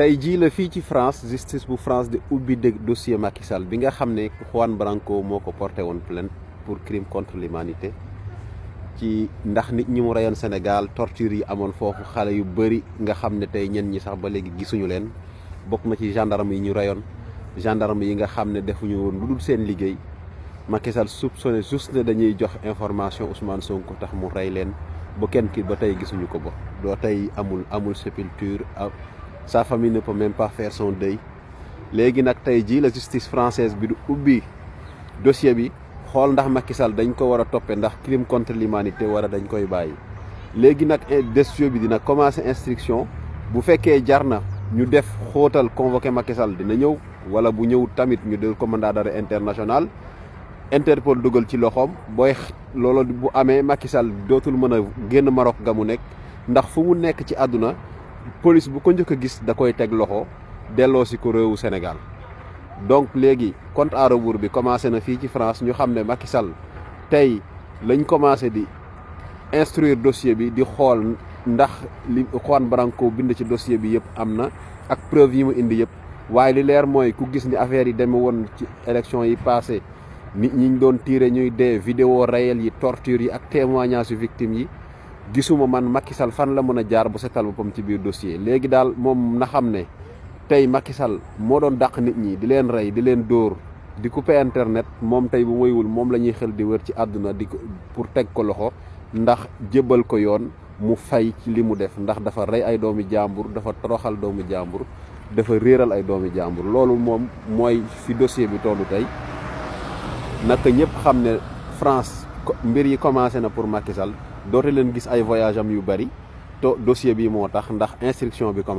tey jii la fii ci France justice bu France di ubbi dëgg dossier Macky bi nga xam ne Juan Branco moo ko porté woon plainte pour crime contre l'humanité ci ndax nit ñi mu reyoon Sénégal torture yi amoon foofu xale yu bëri nga xam ne tey ñenn ñi sax ba léegi gisuñu leen bokk ma ci gendarme yi ñu reyoon gendarme yi nga xam ne defuñu woon lu dul seen liggéey Macky Sall soupçonné juste ne dañuy jox information Ousmane Sonko tax mu rey leen ba kenn kii ba tey gisuñu ko ba doo amul amul sépulture saa famille ne peut même pas faire son léegi nag tey jii la justice française bi du ubbi dossier bi xool ndax Macky Sall dañ ko war a toppe ndax kilim contre l'humanité war a dañ koy bàyyi léegi nag eh, dossier bi dina commencer instruction bu fekkee jar na ñu def xootal convoqué Macky Sall dina ñëw wala bu ñëw tamit ñu def ko mandat d'arrêt international Interpol dugal ci loxoom booy loolu bu amee Macky Sall dootul mën a génn Maroc ga mu nekk ndax fu mu nekk ci àdduna police bu ko njëkk a gis da koy teg loxo delloo si ko réewu Sénégal donc léegi compte à bi commencé na fii ci France ñu xam ne Macky tey lañ commencé di instruire dossier bi di xool ndax li Juan Branco bind ci dossier bi yëpp am na ak preuve yi mu indi yëpp waaye li leer mooy ku gis ni affaire yi demee woon ci élection yi passé nit ñi ñu doon tiire ñuy dee vidéo réel yi torture yi ak témoignage yu yi gisuma man Macky Sall fan la mën a jaar bu setal boppam ci biir dossier léegi daal moom na xam ne tey Macky Sall moo doon daq nit ñi di leen rey di leen dóor di couper internet moom tey bu woywul moom la ñuy xel di wër ci àdduna di ko pour teg ko loxo ndax jébbal ko yoon mu fay ci li mu def ndax dafa rey ay doomi jàmbur dafa toroxal doomu jàmbur dafa réeral ay doomi jàmbur loolu moom mooy fi dossier bi tollu tey naka ñëpp xam ne France mbir yi commencé na pour Macky doote leen gis ay voyage am yu bëri to dossier bi moo tax ndax instruction bi commencé